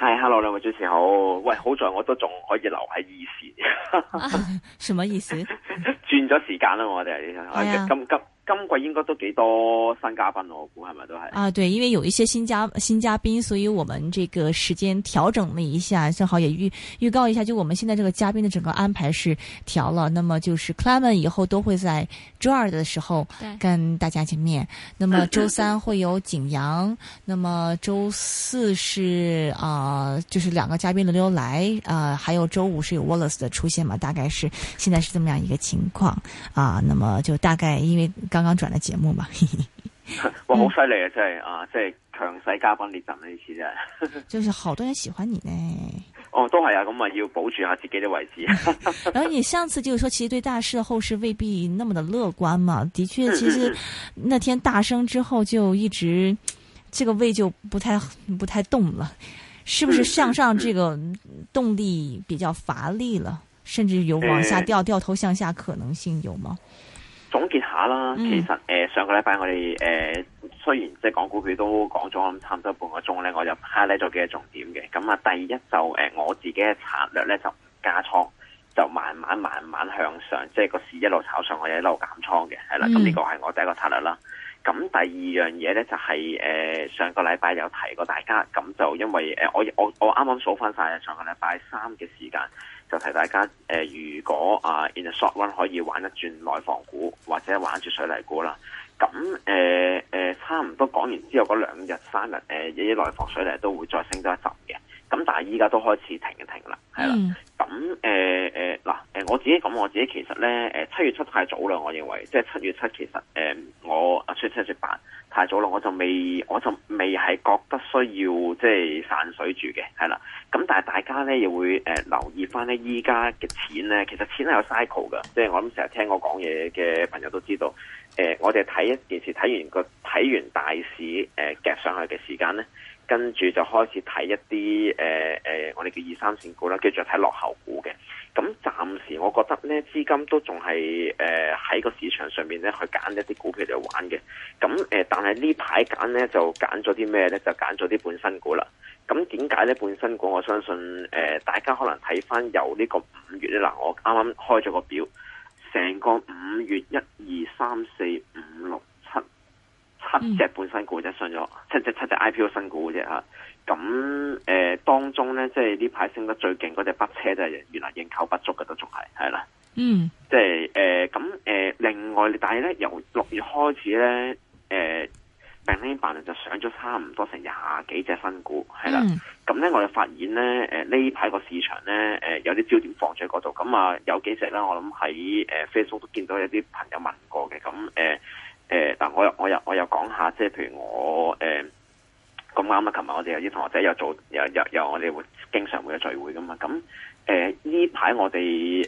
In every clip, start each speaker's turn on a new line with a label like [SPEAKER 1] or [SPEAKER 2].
[SPEAKER 1] 係，hello 兩位主持好。喂，好在我都仲可以留喺二時。
[SPEAKER 2] 什麼意思？
[SPEAKER 1] 轉咗時間啦，我哋啊，緊急。今季應該都幾多新嘉賓，我估係咪都
[SPEAKER 2] 係啊？對，因為有一些新嘉新嘉賓，所以我們這個時間調整了一下，正好也預預告一下，就我們現在這個嘉賓的整個安排是調了。那麼就是 Clayman 以後都會在周二的時候對跟大家見面，那麼周三會有景陽， 那麼周四是啊、呃、就是兩個嘉賓輪流,流,流來啊、呃，還有周五是有 Wallace 的出現嘛？大概是現在是這麼樣一個情況啊、呃。那麼就大概因為剛。剛剛轉的節目嘛
[SPEAKER 1] 哇，我、嗯、好犀利啊！真係啊，即係強勢嘉賓列陣呢啲事啫。
[SPEAKER 2] 就是好多人喜歡你呢。
[SPEAKER 1] 哦，都係啊，咁啊要保住下自己嘅位置。
[SPEAKER 2] 然後你上次就是說，其實對大市後市未必那麼的樂觀嘛？的確，其實那天大升之後就一直，這個位就不太不太動了，是不是向上這個動力比較乏力了？甚至有往下掉、嗯、掉頭向下可能性有嗎？
[SPEAKER 1] 總結。啦，嗯、其實誒、呃、上個禮拜我哋誒、呃、雖然即係講股票都講咗，差唔多半個鐘咧，我就 highlight 咗幾個重點嘅。咁啊，第一就誒、呃、我自己嘅策略咧就加倉，就慢慢慢慢向上，即係個市一路炒上我哋一路減倉嘅，係啦。咁呢、嗯、個係我第一個策略啦。咁第二樣嘢咧就係、是、誒、呃、上個禮拜有提過大家，咁就因為誒、呃、我我我啱啱數翻晒上個禮拜三嘅時間。就提大家，誒、呃，如果啊，in a short run 可以玩一轉內房股，或者玩住水泥股啦，咁誒誒，差唔多講完之後嗰兩日三日，誒、呃，啲內房水泥都會再升多一陣嘅。咁但係依家都開始停一停啦，係啦。咁誒誒嗱誒，我自己咁我自己，其實咧誒、呃、七月七太早啦，我認為。即係七月七其實誒、呃，我啊七月七十八太早啦，我就未我就未係覺得需要即係散水住嘅，係啦。咁但係大家咧又會誒、呃、留意翻咧，依家嘅錢咧，其實錢係有 cycle 嘅，即係我諗成日聽我講嘢嘅朋友都知道。誒、呃，我哋睇一件事，睇完個睇完大市誒、呃、夾上去嘅時間咧。跟住就開始睇一啲誒誒，我哋叫二三線股啦，跟住就睇落後股嘅。咁暫時我覺得呢資金都仲係誒喺個市場上面呢去揀一啲股票嚟玩嘅。咁誒、呃，但係呢排揀呢就揀咗啲咩呢？就揀咗啲半新股啦。咁點解呢半新股我相信誒、呃，大家可能睇翻由呢個五月咧，嗱，我啱啱開咗個表，成個五月一二三四五六。七隻半新股啫，上咗七隻七隻 IPO 新股嘅啫嚇。咁、呃、誒當中咧，即係呢排升得最勁嗰隻北車，就係原來營購不足嘅都仲係係啦。嗯，即係誒咁誒，另外但係咧，由六月開始咧，誒並 l i 就上咗差唔多成廿幾隻新股係啦。咁咧，我哋發現咧，誒呢排個市場咧，誒有啲焦點放咗喺嗰度。咁啊，有幾隻咧，我諗喺誒 Facebook 都見到一啲朋友問過嘅。咁、嗯、誒。呃誒，嗱、呃，我又我又我又講下，即係譬如我誒咁啱啊！琴、呃、日我哋有啲同學仔又做，又又又我哋會經常會有聚會噶嘛，咁誒呢排我哋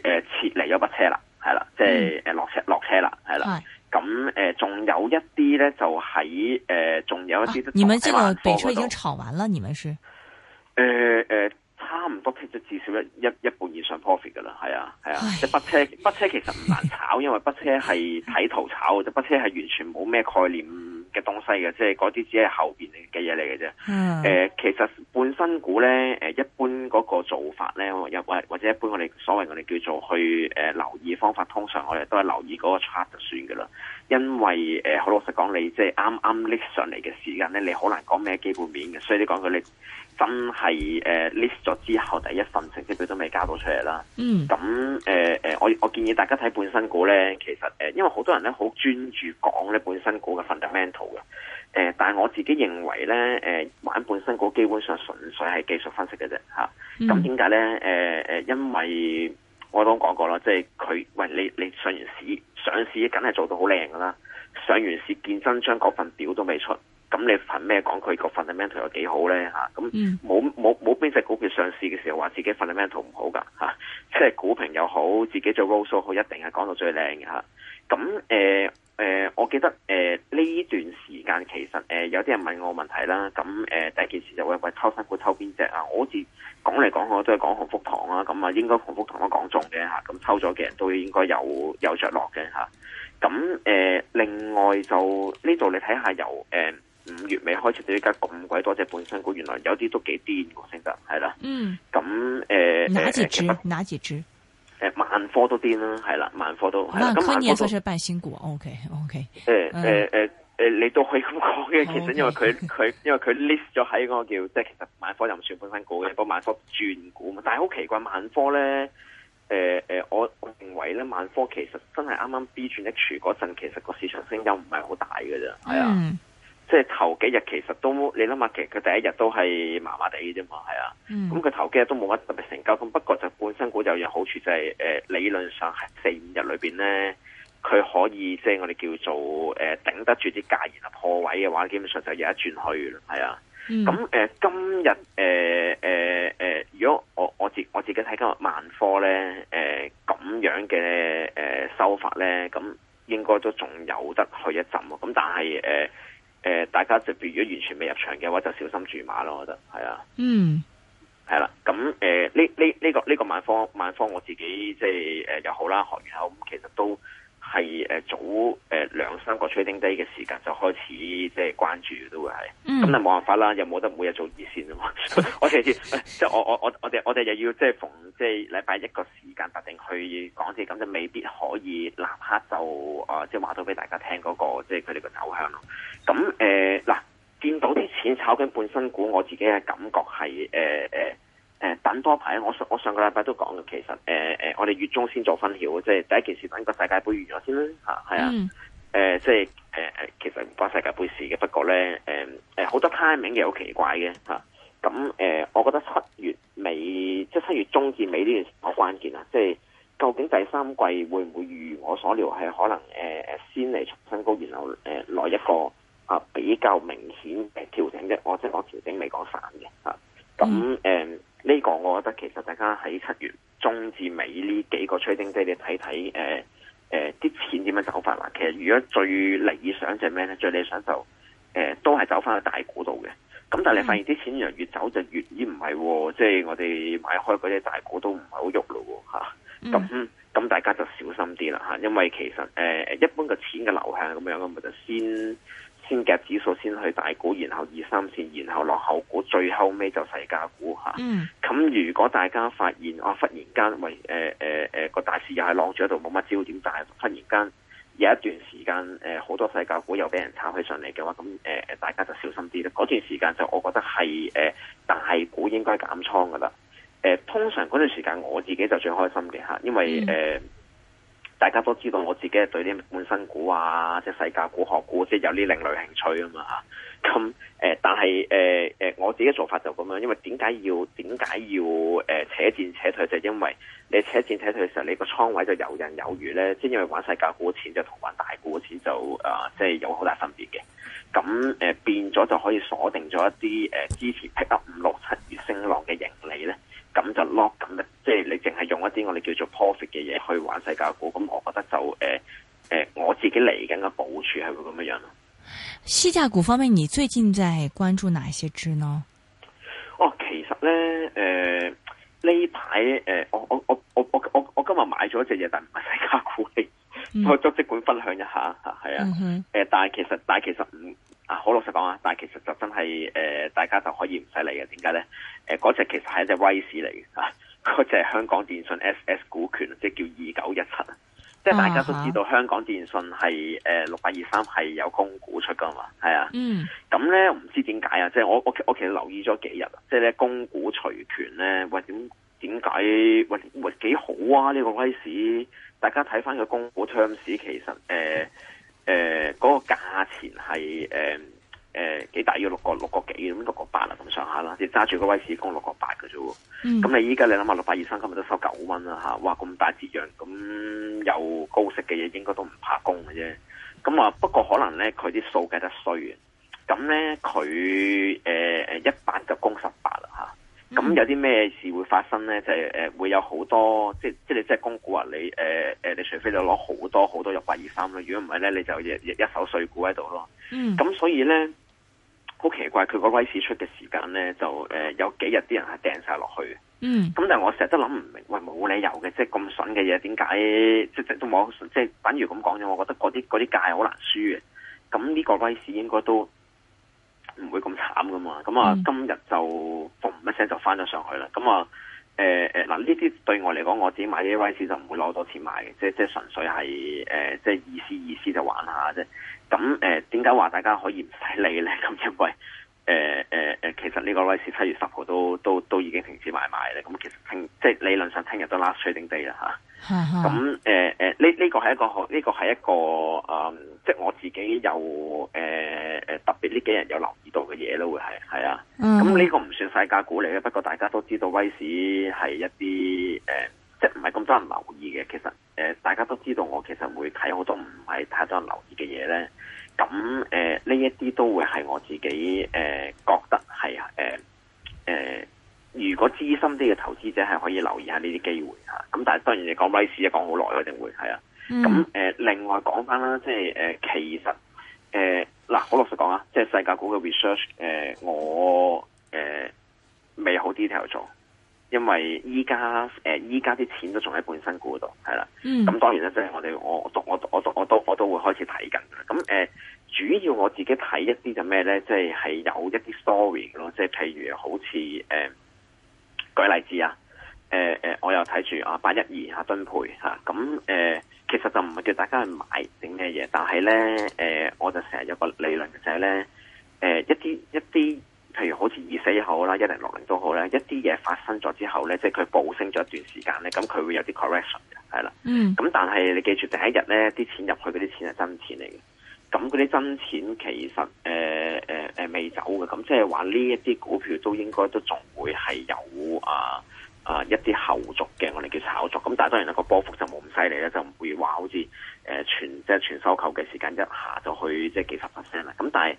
[SPEAKER 1] 誒撤離咗部車啦，係啦，即係誒落車落車啦，係啦、嗯，咁誒仲有一啲咧就喺誒仲有一啲，你們這個部車已經
[SPEAKER 2] 炒完了，你們是誒誒。呃
[SPEAKER 1] 呃呃即至少一一一半以上 profit 嘅啦，係啊係啊！啊 即係北車北車其實唔難炒，因為北車係睇圖炒， 即係北車係完全冇咩概念嘅東西嘅，即係嗰啲只係後邊嘅嘢嚟嘅啫。
[SPEAKER 2] 誒，
[SPEAKER 1] 其實半新股咧，誒一般嗰個做法咧，或或者一般我哋所謂我哋叫做去誒、呃、留意方法，通常我哋都係留意嗰個 chart 就算嘅啦。因為誒，好、呃、老實講，你即係啱啱拎上嚟嘅時間咧，你好難講咩基本面嘅，所以你講佢你。真係誒 list 咗之後，第一份成績表都未交到出嚟啦。咁誒誒，我我建議大家睇半新股咧，其實誒、呃，因為好多人咧好專注講咧半新股嘅 fundamental 嘅。誒、呃，但係我自己認為咧，誒、呃、玩半新股基本上純粹係技術分析嘅啫。嚇、
[SPEAKER 2] 啊，咁點解咧？
[SPEAKER 1] 誒、呃、誒，因為我都講過啦，即係佢，喂你你上完市上完市梗係做到好靚噶啦，上完市見真章，嗰份表都未出。咁、嗯、你憑咩講佢個 fundamental 又幾好咧嚇？咁冇冇冇邊隻股票上市嘅時候話自己 fundamental 唔好噶嚇，即、啊、係、就是、股評又好，自己做 research 好，一定係講到最靚嘅嚇。咁誒誒，我記得誒呢、啊、段時間其實誒、啊、有啲人問我問題啦。咁、啊、誒第一件事就喂、是、喂，抽新股抽邊隻啊？我好似講嚟講去都係講鴻福堂啦，咁啊、嗯、應該鴻福堂都講中嘅嚇。咁、啊啊嗯啊、抽咗嘅人都應該有有着落嘅嚇。咁、啊、誒、啊啊、另外就呢度你睇下由誒、啊啊啊啊啊啊五月尾開始到而家咁鬼多隻半新股，原來有啲都幾癲噶，真係係啦。嗯，咁誒，呃、哪幾隻？其實哪幾隻？誒、呃，萬科都癲啦，係啦，萬科都。萬科也算是
[SPEAKER 2] 半新股，OK，OK。
[SPEAKER 1] 誒誒誒誒，你都可以咁講嘅，其實因為佢佢 OK，OK。因為佢 list 咗喺嗰個叫即係其實萬科又唔算半新股嘅，都萬科轉股嘛。但係好奇怪，萬科咧，誒、呃、誒，我我認為咧，萬科其實真係啱啱 B 轉 H 嗰陣，其實個市場聲音唔係好大噶啫，係啊。嗯即係頭幾日其實都你諗下，其實佢第一日都係麻麻地啫嘛，係啊。咁佢、嗯、頭幾日都冇乜特別成交，咁不過就本身股有有好處、就係，就係誒理論上係四五日裏邊咧，佢可以即係我哋叫做誒頂、呃、得住啲價沿啊破位嘅話，基本上就有一轉去，係啊。咁誒、嗯呃、今日誒誒誒如果我我自我自己睇今日萬科咧，誒、呃、咁樣嘅誒、呃、收法咧，咁應該都仲有得去一浸啊。咁但係誒。呃呃誒、呃，大家就譬如如果完全未入場嘅話，就小心注碼咯。我覺得係啊，、嗯、啊，嗯，係、這、啦、個。咁、這、誒、個，呢呢呢個呢個萬科，萬科我自己即係誒又好啦，學完後咁其實都係誒早誒兩三個 trading day 嘅時間就開始即係關注都會係，咁、嗯、就冇辦法啦，又冇得每日做熱線啊嘛。我其次即係我我我我哋我哋又要即係逢即係禮拜一個時間特定去講嘢，咁就未必可以立刻就啊即係話到俾大家聽嗰、那個即係佢哋嘅走向咯。咁誒嗱，見到啲錢炒緊半新股，我自己嘅感覺係誒誒誒等多排。我上我上個禮拜都講嘅，其實誒誒、呃呃，我哋月中先做分曉，即係第一件事等個世界杯完咗先啦吓，係啊。誒、啊嗯呃、即係誒誒，其實唔關世界杯事嘅。不過咧，誒、呃、誒，好多 timing 嘅好奇怪嘅吓。咁、啊、誒、嗯呃，我覺得七月尾即係七月中至尾呢件事好關鍵啊！即係究竟第三季會唔會如我所料係可能誒誒、呃、先嚟重新高，然後誒來一個。比較明顯嘅調整嘅，我即係我調整未講散嘅，啊，咁誒呢個我覺得其實大家喺七月中至尾呢幾個吹丁機，你睇睇誒誒啲錢點樣走法啦。其實如果最理想就係咩咧？最理想就誒、是呃、都係走翻去大股度嘅。咁但係你發現啲錢越走就越咦，唔係喎，即係我哋買開嗰啲大股都唔係好喐咯，嚇。咁咁大家就小心啲啦，嚇、啊。因為其實誒、呃、一般嘅錢嘅流向咁樣，咁咪就先。先夾指數先去大股，然後二三線，然後落後股，最後尾就細價股吓。咁、mm. 啊、如果大家發現我、啊、忽然間為誒誒誒個大市又係晾住喺度，冇乜焦點，但係忽然間有一段時間誒好、呃、多細價股又俾人炒起上嚟嘅話，咁、嗯、誒、呃、大家就小心啲啦。嗰段時間就我覺得係誒、呃、大股應該減倉噶啦。誒、呃、通常嗰段時間我自己就最開心嘅吓，因為誒。Mm. 大家都知道我自己係對啲本身股啊，即係世界股學股，即係有啲另類興趣啊嘛。咁誒、呃，但係誒誒，我自己做法就咁樣，因為點解要點解要誒、呃、扯戰扯退，就係，因為你扯戰扯退嘅時候，你個倉位就游刃有餘呢。即係因為玩世界股錢就同玩大股錢就啊、呃，即係有好大分別嘅。咁誒、呃、變咗就可以鎖定咗一啲誒支、呃、持 pick up 五六七月升浪嘅盈利呢。咁就 lock 咁嘅，即係你淨係用一啲我哋叫做 profit 嘅嘢去玩世界股，咁我覺得就誒誒、呃呃，我自己嚟緊嘅部署係會咁樣樣咯。
[SPEAKER 2] 細價股方面，你最近在關注哪一些隻呢？
[SPEAKER 1] 哦，其實咧，誒呢排誒，我我我我我我我今日買咗一隻嘢，但唔係世界股嚟， 嗯、我都即管分享一下吓，係啊，誒、嗯哼呃，但係其實但係其實唔。嗯啊、好老實講啊，但係其實就真係誒、呃，大家就可以唔使理嘅。點解咧？誒、呃，嗰、那、隻、個、其實係隻威士嚟嘅，吓、啊，嗰隻係香港電訊 S S 股權，17, 即係叫二九一七，
[SPEAKER 2] 即係大家都知道
[SPEAKER 1] 香港電訊係誒六八二三係有供股出噶嘛，係啊。嗯。咁咧唔知點解啊？即係我我我，我其實留意咗幾日即係咧供股除權咧，喂點點解喂幾好啊？呢、哎哎這個威士。大家睇翻個供股漲市，其實誒。呃誒，嗰、呃，那個價錢係誒誒幾大？要六個六個幾咁，六個八啦咁上下啦，你揸住個威士公六個八嘅啫。咁、嗯、你依家你諗下，六百二三今日都收九蚊啦吓，哇！咁大折讓，咁有高息嘅嘢，應該都唔怕供嘅啫。咁啊，不過可能咧，佢啲數計得衰嘅。咁咧，佢誒誒一百就供十。咁、嗯、有啲咩事會發生咧？就係、是、誒、呃、會有好多，即即，即公你即係供股啊！你誒誒，你除非你攞好多好多入百二三啦，如果唔係咧，你就一,一手碎股喺度咯。咁、嗯、所以咧好奇怪，佢個威市出嘅時間咧就誒、呃、有幾日啲人係掟晒落去嘅。咁、嗯、但係我成日都諗唔明，喂，冇理由嘅，即係咁筍嘅嘢點解？即即都冇，即係等於而咁講咗，我覺得嗰啲啲價係好難輸嘅。咁呢個威市應該都唔會咁慘㗎嘛。咁啊，今日就。嗯嗯就翻咗上去啦，咁啊，誒誒嗱，呢、呃、啲對我嚟講，我自己買啲 rise 就唔會攞多錢買嘅，即係即係純粹係誒，即係、呃、意思意思就玩下啫。咁誒，點解話大家可以唔使理咧？咁因為。誒誒誒，其實呢個威士七月十號都都都已經停止買賣咧，咁其實聽即係理論上聽日都 last trading day 啦吓。咁誒誒，呢 呢、啊呃這個係一個呢、這個係一個啊、嗯，即係我自己有誒誒、呃，特別呢幾日有留意到嘅嘢咯，會係係啊。咁呢個唔算細價股嚟嘅，不過大家都知道威士係一啲誒、呃，即係唔係咁多人留意嘅。其實誒、呃，大家都知道我其實會睇好多唔係太多人留意嘅嘢咧。咁誒，呢一啲都會係我自己誒、呃、覺得係誒誒，如果資深啲嘅投資者係可以留意下呢啲機會啊。咁但係當然，你講歷史，講好耐一定會係啊。咁誒、呃，另外講翻啦，即係誒、呃，其實誒嗱，好、呃、老實講啊，即係世界股嘅 research，誒、呃、我誒、呃、未好 detail 做，因為依家誒依家啲錢都仲喺本身股度，係啦、啊。咁、嗯、當然咧，即係我哋我我我我，我，我都我都，我都，我，都我都會開始睇緊。咁誒、呃，主要我自己睇一啲就咩咧，即係係有一啲 story 咯，即係譬如好似誒、呃，舉例子、呃呃、啊，誒誒、啊，我又睇住啊八一二吓，均配吓，咁誒，其實就唔係叫大家去買定咩嘢，但係咧誒，我就成日有個理論就係咧，
[SPEAKER 2] 誒、呃、
[SPEAKER 1] 一啲一啲，譬如好似二四又好啦，一零六零都好啦，一啲嘢發生咗之後咧，即係佢暴升咗一段時間咧，咁佢會有啲 correction 嘅，係啦，嗯，咁但係你記住第一日咧，啲錢入去嗰啲錢係真錢嚟嘅。咁嗰啲真錢其實誒誒誒未走嘅，咁即係話呢一啲股票都應該都仲會係有啊啊、呃呃、一啲後續嘅，我哋叫炒作。咁但係當然啦，個波幅就冇咁犀利喇，就唔會話好似誒全即係、呃、全收購嘅時間一下就去即係幾十 percent 啦。咁但係。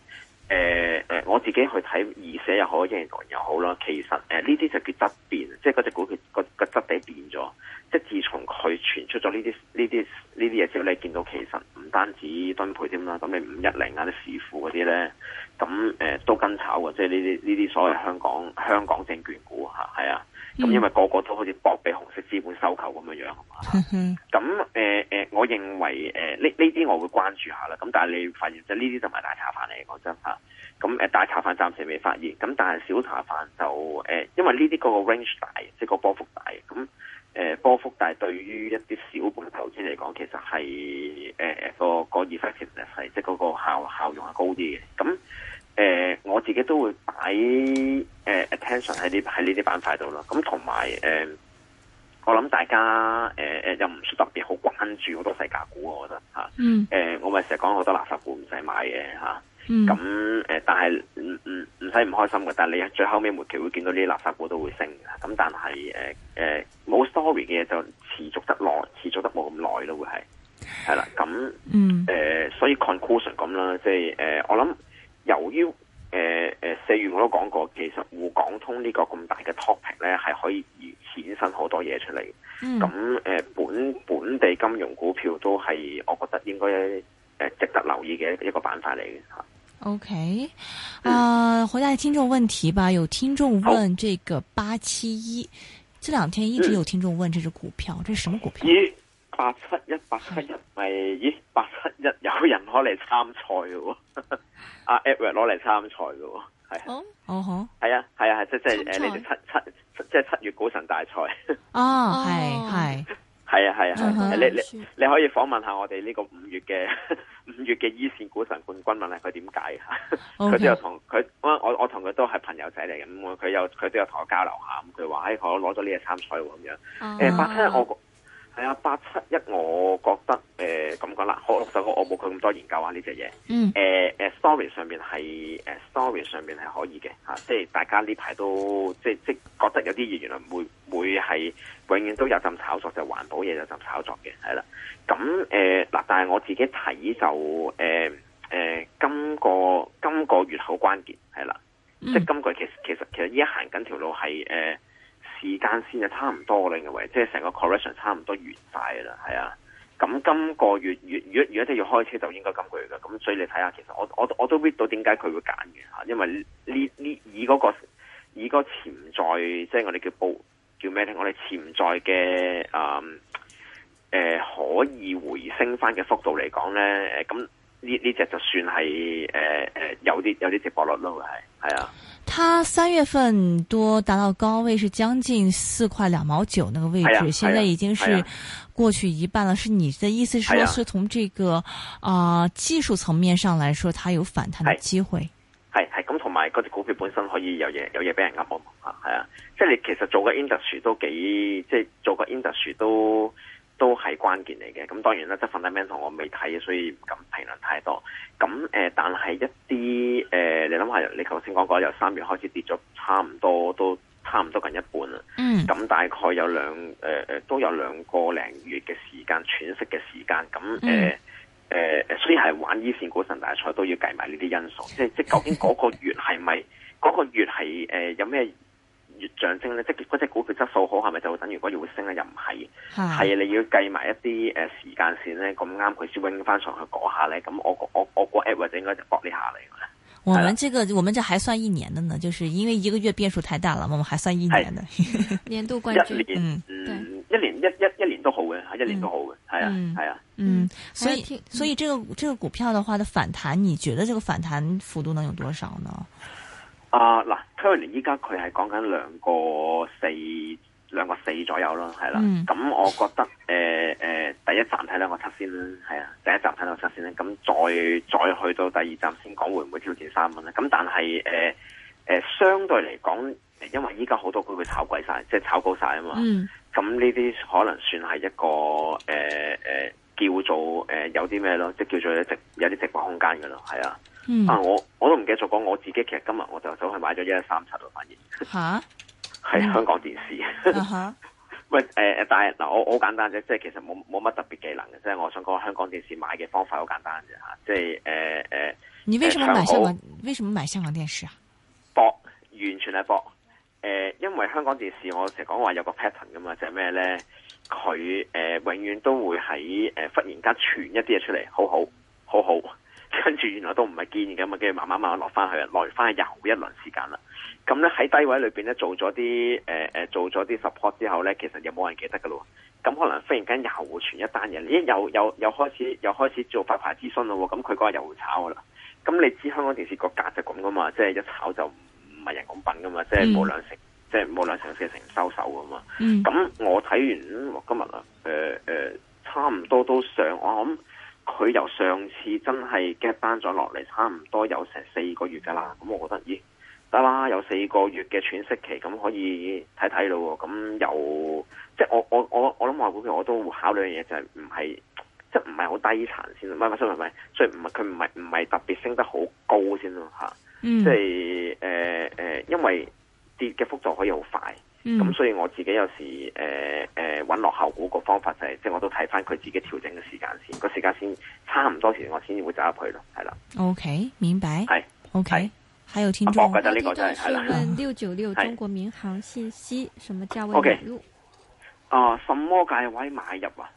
[SPEAKER 1] 誒誒、呃，我自己去睇，而寫又好，認糖又好啦。其實誒、呢、呃、啲就叫質變，即係嗰隻股票個、那個質地變咗。即係自從佢傳出咗呢啲呢啲呢啲嘢之後，你見到其實唔單止敦沛添啦，咁你五一零啊啲時富嗰啲咧，咁、那、誒、個呃、都跟炒嘅，即係呢啲呢啲所謂香港香港證券股吓，係啊。咁、嗯、因為個個都好似搏俾紅色資本收購咁樣樣，咁誒誒，我認為誒呢呢啲我會關注下啦。咁但係你發現就呢啲就唔係大茶飯嚟講真吓。咁誒大茶飯暫時未發現，咁但係小茶飯就誒、呃，因為呢啲個 range 大，即係個波幅大。咁誒、呃、波幅大對於一啲小本投資嚟講，其實係誒、呃那個、那個 effectiveness 係即係嗰個效效用係高啲嘅。咁誒，我自己都會擺誒 attention 喺啲喺呢啲板塊度咯。咁同埋誒，我諗大家誒誒又唔特別好關注好多細價股，我覺得吓。誒，我咪成日講好多垃圾股唔使買嘅吓。咁誒，但係唔唔唔使唔開心嘅。但係你最後尾末期會見到呢啲垃圾股都會升。咁但係誒誒冇 story 嘅嘢就持續得耐，持續得冇咁耐咯。會係係啦。咁誒，所以 conclusion 咁啦，即係誒，我諗。由於誒誒四月我都講過，其實滬港通呢個咁大嘅 topic 咧，係可以衍生好多嘢出嚟。咁誒、嗯呃、本本地金融股票都係我覺得應該、呃、值得留意嘅一個板塊嚟嘅。吓
[SPEAKER 2] ，OK，啊、呃，嗯、回答聽眾問題吧。有聽眾問這個八七一，這兩天一直有聽眾問這隻股票，嗯、這是什麼股票？
[SPEAKER 1] 八七一八七一，咪的咦？八七一有人攞嚟參賽嘅喎，阿 Edward 攞嚟參賽嘅喎，係啊，哦，係啊，係啊，oh? uh，即係即係，誒，你哋七七，即係七月股神大賽。
[SPEAKER 2] 哦，係，係，
[SPEAKER 1] 係啊，係啊，你你你可以訪問下我哋呢個五月嘅五月嘅一線股神冠軍，問下佢點解吓，佢 Okay. 都有同佢，我我我同佢都係朋友仔嚟嘅，咁佢有佢都有同我交流下，咁佢話，哎，我攞咗呢個參賽喎，咁樣，誒、uh，八七一，我。係啊，八七一，我覺得誒咁講啦，六首歌我冇佢咁多研究啊呢隻嘢。嗯。誒誒，story 上面係誒，story 上面係可以嘅吓，即係大家呢排都即係即係覺得有啲嘢原來會會係永遠都有陣炒作，就環保嘢有陣炒作嘅，係啦。咁誒嗱，但係我自己睇就誒誒、呃呃，今個今個月好關鍵係啦，mm. 即係今個月其其實其實依家行緊條路係誒。呃時間先就差唔多啦，因為即係成個 correction 差唔多完曬啦，係啊。咁今個月月如果如果真要開車，就應該咁個月㗎。咁所以你睇下，其實我我我都 read 到點解佢會減完吓，因為呢呢以嗰個以嗰潛在即係我哋叫報叫咩咧？我哋潛在嘅啊誒可以回升翻嘅幅度嚟講咧誒咁。呢呢隻就算係誒誒有啲有啲值博率咯，係係啊。
[SPEAKER 2] 佢三月份多達到高位係將近四塊兩毛九那個位置，啊啊、現在已經係過去一半啦。是，啊、是你的意思說，說是從、啊、這個啊、呃、技術層面上來說，佢有反彈嘅機會。
[SPEAKER 1] 係係咁，同埋嗰隻股票本身可以有嘢有嘢俾人噏啊嘛，係啊。即係你其實做個 industry 都幾，即係做個 industry 都。都係關鍵嚟嘅。咁當然啦，即係，fundamental 我未睇，所以唔敢評論太多。咁、誒、呃，但係一啲誒、呃，你諗下，你頭先講過，由三月開始跌咗，差唔多都差唔多近一半啦。嗯，咁大概有兩誒誒，都有兩個零月嘅時間喘息嘅時間。咁誒誒，所以係玩一綫股神大賽都要計埋呢啲因素，即係即係究竟嗰個月係咪嗰個月係誒、呃、有咩？象徵咧，即係嗰隻股票質素好，係咪就等於嗰日會升咧？又唔係，係的你要計埋一啲誒時間線咧，咁啱佢先搵翻上去嗰下咧。咁我我我個 app 或者應該就搏呢下嚟嘅。我,我,我,
[SPEAKER 2] 我們呢、這個我們這還算一年的呢，就是因為一個月變數太大啦，我們還算一年的,的 一年度冠軍。一年，
[SPEAKER 1] 嗯，
[SPEAKER 2] 一年一一一
[SPEAKER 1] 年都好嘅，係一年都好嘅，係啊、嗯，係啊，
[SPEAKER 2] 嗯，所以所以,所以這個這個股票的話的反彈，你覺得這個反彈幅度能有多少呢？
[SPEAKER 1] 啊嗱，Tony，依家佢係講緊兩個四兩個四左右咯，係啦。咁、嗯嗯、我覺得，誒、呃、誒，第一站睇兩個七先啦，係啊，第一站睇兩個七先咧，咁再再去到第二站先講會唔會挑戰三蚊咧。咁但係，誒、呃、誒、呃，相對嚟講，因為依家好多佢會炒貴晒，即、就、係、是、炒高晒啊嘛。咁呢啲可能算係一個誒誒、呃呃，叫做誒、呃、有啲咩咯，即係叫做一有直有啲值博空間噶咯，係啊。嗯、啊！我我都唔記得咗講，我自己其實今日我就走去買咗一一三七咯，反而吓，係哈 香港電視。喂、啊哈，誒、 呃呃，但係嗱，我、呃、好簡單啫，即係其實冇冇乜特別技能嘅，即係我想講香港電視買嘅方法好簡單啫吓，即係誒誒，呃呃、你為什麼買香
[SPEAKER 2] 港？好為什麼買香港電視啊？
[SPEAKER 1] 博，完全係博。誒、呃，因為香港電視我成日講話有個 pattern 噶嘛，就係咩咧？佢誒、呃、永遠都會喺誒忽然間傳一啲嘢出嚟，好好，好好。好好好好好好跟住原來都唔係建議嘅嘛，跟住慢慢慢慢落翻去，落翻又一輪時間啦。咁咧喺低位裏邊咧做咗啲誒誒做咗啲 support 之後咧，其實又冇人記得嘅咯。咁、嗯、可能忽然間又會傳一單嘢，咦又又又開始又開始做發牌諮詢咯。咁佢嗰日又會炒啦。咁、嗯、你知香港電視個價值咁噶嘛？即係一炒就唔係人講品噶嘛？即係冇兩成，即係冇兩成四成收手噶嘛？咁、嗯嗯嗯、我睇完今日啦，誒、呃、誒、呃、差唔多都上，我諗。佢由上次真係 gap 翻咗落嚟，差唔多有成四個月噶啦，咁我覺得咦，得、欸、啦，有四個月嘅喘息期，咁可以睇睇咯。咁有，即係我我我我諗話股票我都會考慮嘅嘢，就係唔係即係唔係好低殘先咯。唔係唔係唔係唔係，唔係佢唔係唔係特別升得好高先咯嚇。即係誒誒，因為跌嘅幅度可以好快。咁所以我自己有時誒誒揾落後股個方法就係，即係我都睇翻佢自己調整嘅時間先，個時間先差唔多時我先會走入去咯，係啦。
[SPEAKER 2] OK，明白。係。OK，還有聽
[SPEAKER 1] 眾，我呢個段詢問
[SPEAKER 2] 六九六中國民航信息什麼價位買入？
[SPEAKER 1] 啊，什麼價位買入啊？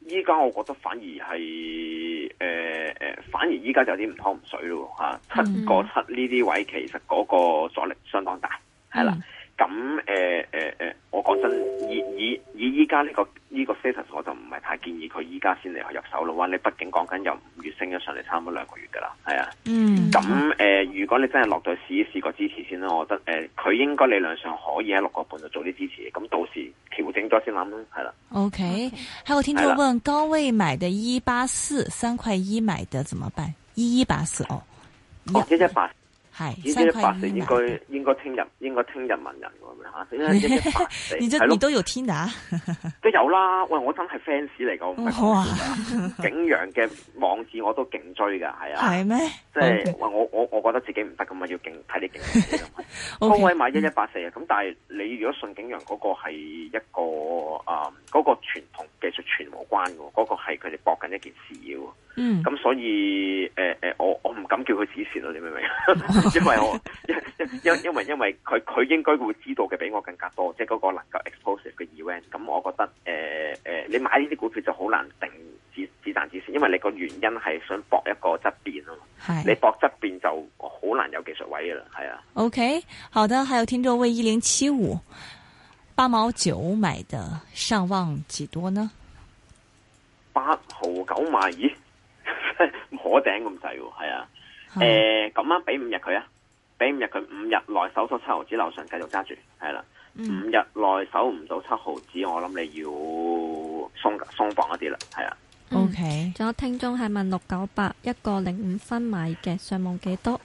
[SPEAKER 1] 依家我覺得反而係誒誒，反而依家就有啲唔湯唔水咯吓，七個七呢啲位其實嗰個阻力相當大，係啦。咁誒誒誒，我講真，以以以依家呢個呢個 sessions 我就唔係太建議佢依家先嚟去入手咯。哇！你畢竟講緊又五月升咗上嚟差唔多兩個月噶啦，係啊。嗯。咁誒，如果你真係落咗試一試個支持先啦，我覺得誒，佢應該理論上可以喺六個半度做啲支持，咁到時調整咗先諗啦，係啦。
[SPEAKER 2] OK，還有聽眾問，的高位買嘅1.84三塊一買的怎麼辦？1.84哦，一一八。要啊
[SPEAKER 1] 係，一一八四應該、嗯、應該聽日應該聽日問人噶，吓，一一八四係都要
[SPEAKER 2] 聽啊，啊啊 都
[SPEAKER 1] 有，啊 有啦。喂，我真係 fans 嚟噶，哇！ 景陽嘅網址我都勁追噶，係啊，係咩？即係我我我覺得自己唔得咁啊，要勁睇你勁嘅，高位 Okay. 買一一八四啊。咁但係你如果信景陽嗰個係一個啊嗰、嗯那個傳統技術全無關噶，嗰、那個係佢哋搏緊一件事要。嗯，咁所以誒誒、呃呃，我我唔敢叫佢止蝕咯，你明唔明？ 因為我因因為因為佢佢應該會知道嘅比我更加多，即係嗰個能夠 explosive 嘅 event。咁、嗯、我覺得誒誒、呃呃，你買呢啲股票就好難定止止賺止蝕，因為你個原因係想博一個質變啊嘛。係是你博質變就好難有技術位嘅啦，係啊。
[SPEAKER 2] OK，好的，還有聽眾位一零七五八毛九買得，上望幾多呢？
[SPEAKER 1] 八毫九買二。咦可頂咁滯喎，係啊， 誒，咁、欸、啊，俾、嗯、五日佢啊，俾五日佢，五日內搜索七毫子樓上繼續揸住，係啦，五日內搜唔到七毫子，我諗你要鬆鬆綁一啲啦，係啊。
[SPEAKER 2] O K，仲有聽眾係問六九八一個零五分買嘅上望幾多？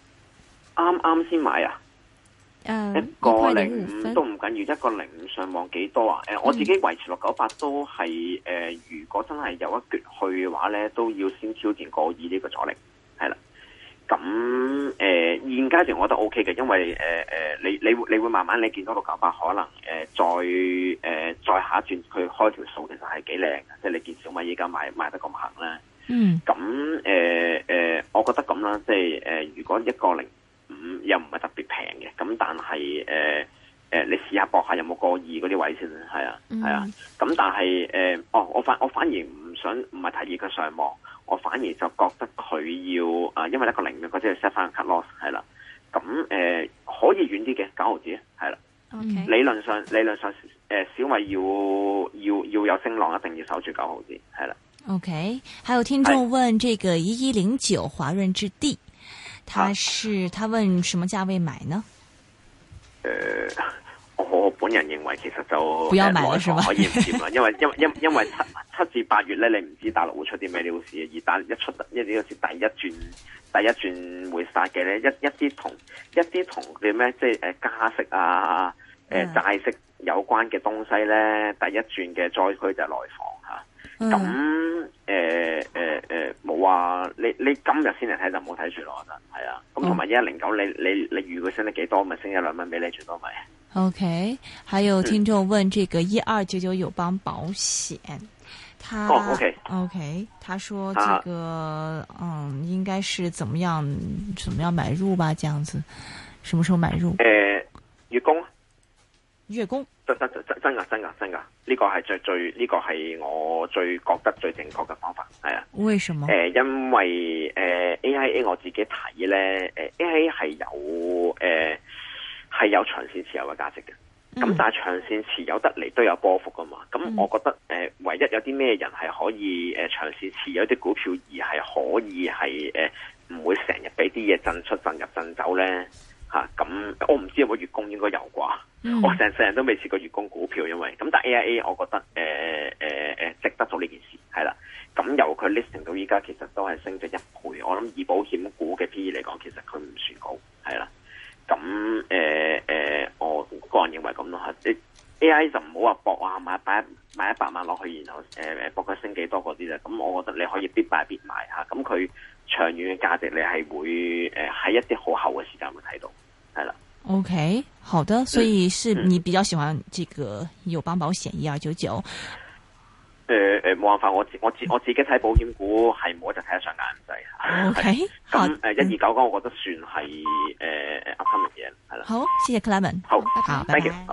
[SPEAKER 1] 啱啱先買啊！
[SPEAKER 2] 嗯、一個零五都
[SPEAKER 1] 唔緊要，一個零五上網幾多啊？誒、呃，我自己維持落九百都係誒、呃，如果真係有一跌去嘅話咧，都要先挑戰過二呢個阻力，係啦。咁、嗯、誒，嗯嗯嗯、現階段我覺得 O K 嘅，因為誒誒、呃，你你你會慢慢你見到落九百，可能誒、呃、再誒、呃、再下一轉，佢開條數其實係幾靚，即係你見小米依家賣賣得咁行啦。嗯。咁誒誒，我覺得咁啦，即係誒、呃呃，如果一個零。咁又唔係特別平嘅，咁但係誒誒，你試下搏下有冇過二嗰啲位先啦，係啊，係啊，咁但係誒、呃，哦，我反我反而唔想唔係提議佢上網，我反而就覺得佢要啊、呃，因為一個零嘅，佢即係 set 翻 cut loss 係啦、啊，咁、嗯、誒、呃、可以遠啲嘅九毫子，係啦、啊 Okay.，理論上理論上誒小米要要要有升浪，一定要守住九毫子，係啦、啊。
[SPEAKER 2] OK，還有聽眾問這個一一零九華潤置地。他是，他問什麼價位買
[SPEAKER 1] 呢？誒、呃，我本人認為其實就唔可以唔掂啊，因為因因因為，因為、呃、七七至八月咧，你唔知大陸會出啲咩料事，而但一出一呢料是第一轉第一轉會殺嘅咧，一一啲同一啲同啲咩，即係誒加息啊，誒、呃、債息有關嘅東西咧，第一轉嘅災區就係內房啊。咁誒誒誒，冇啊、嗯呃呃呃！你你今日先嚟睇就冇睇住咯，我覺得係啊。咁同埋一零九，你你你預佢升得幾多，咪升一兩蚊俾你，最多咪。
[SPEAKER 2] OK，還有聽眾問這個一二九九友邦保險，嗯、他 OK OK，他說這個、啊、嗯，應該是怎麼樣，怎麼樣買入吧？這樣子，什麼時候買入？誒、
[SPEAKER 1] 呃，月供。月供真真真真真噶真噶真噶，呢、這個係最最呢、這個係我最覺得最正確嘅方法，係啊。為什麼？誒，因為誒、呃、A I A 我自己睇咧，誒 A I A 係有誒係、呃、有長線持有嘅價值嘅。咁、嗯、但係長線持有得嚟都有波幅噶嘛。咁、嗯、我覺得誒、呃，唯一有啲咩人係可以誒長線持有啲股票而係可以係誒唔會成日俾啲嘢震出震入震走咧。吓咁、啊，我唔知有冇月供，應該有啩。我成世人都未試過月供股票，因為咁，但 AIA 我覺得誒誒誒值得做呢件事係啦。咁、嗯、由佢 listing 到依家，其實都係升咗一倍。我諗以保險股嘅 P E 嚟講，其實佢唔算高係啦。咁誒誒，我個人認為咁咯吓、啊，A I 就唔好話搏啊，買買買一百萬落去，然後誒誒搏佢升幾多嗰啲啦。咁、嗯、我覺得你可以必買必買吓，咁、啊、佢。嗯長遠嘅價值，你係會誒喺一啲好厚嘅時間會睇到，係
[SPEAKER 2] 啦。OK，好的，所以是你比較喜歡這個友邦保險一、嗯、二九九。
[SPEAKER 1] 誒誒、呃，冇、呃、辦法，我自我自我自己睇保險股係冇一隻睇得上眼仔。OK，咁誒的，一二九九，我覺得算係誒誒阿琛嘅嘢，係啦。呃、好，嗯
[SPEAKER 2] 嗯、謝謝 Clement。好，拜拜。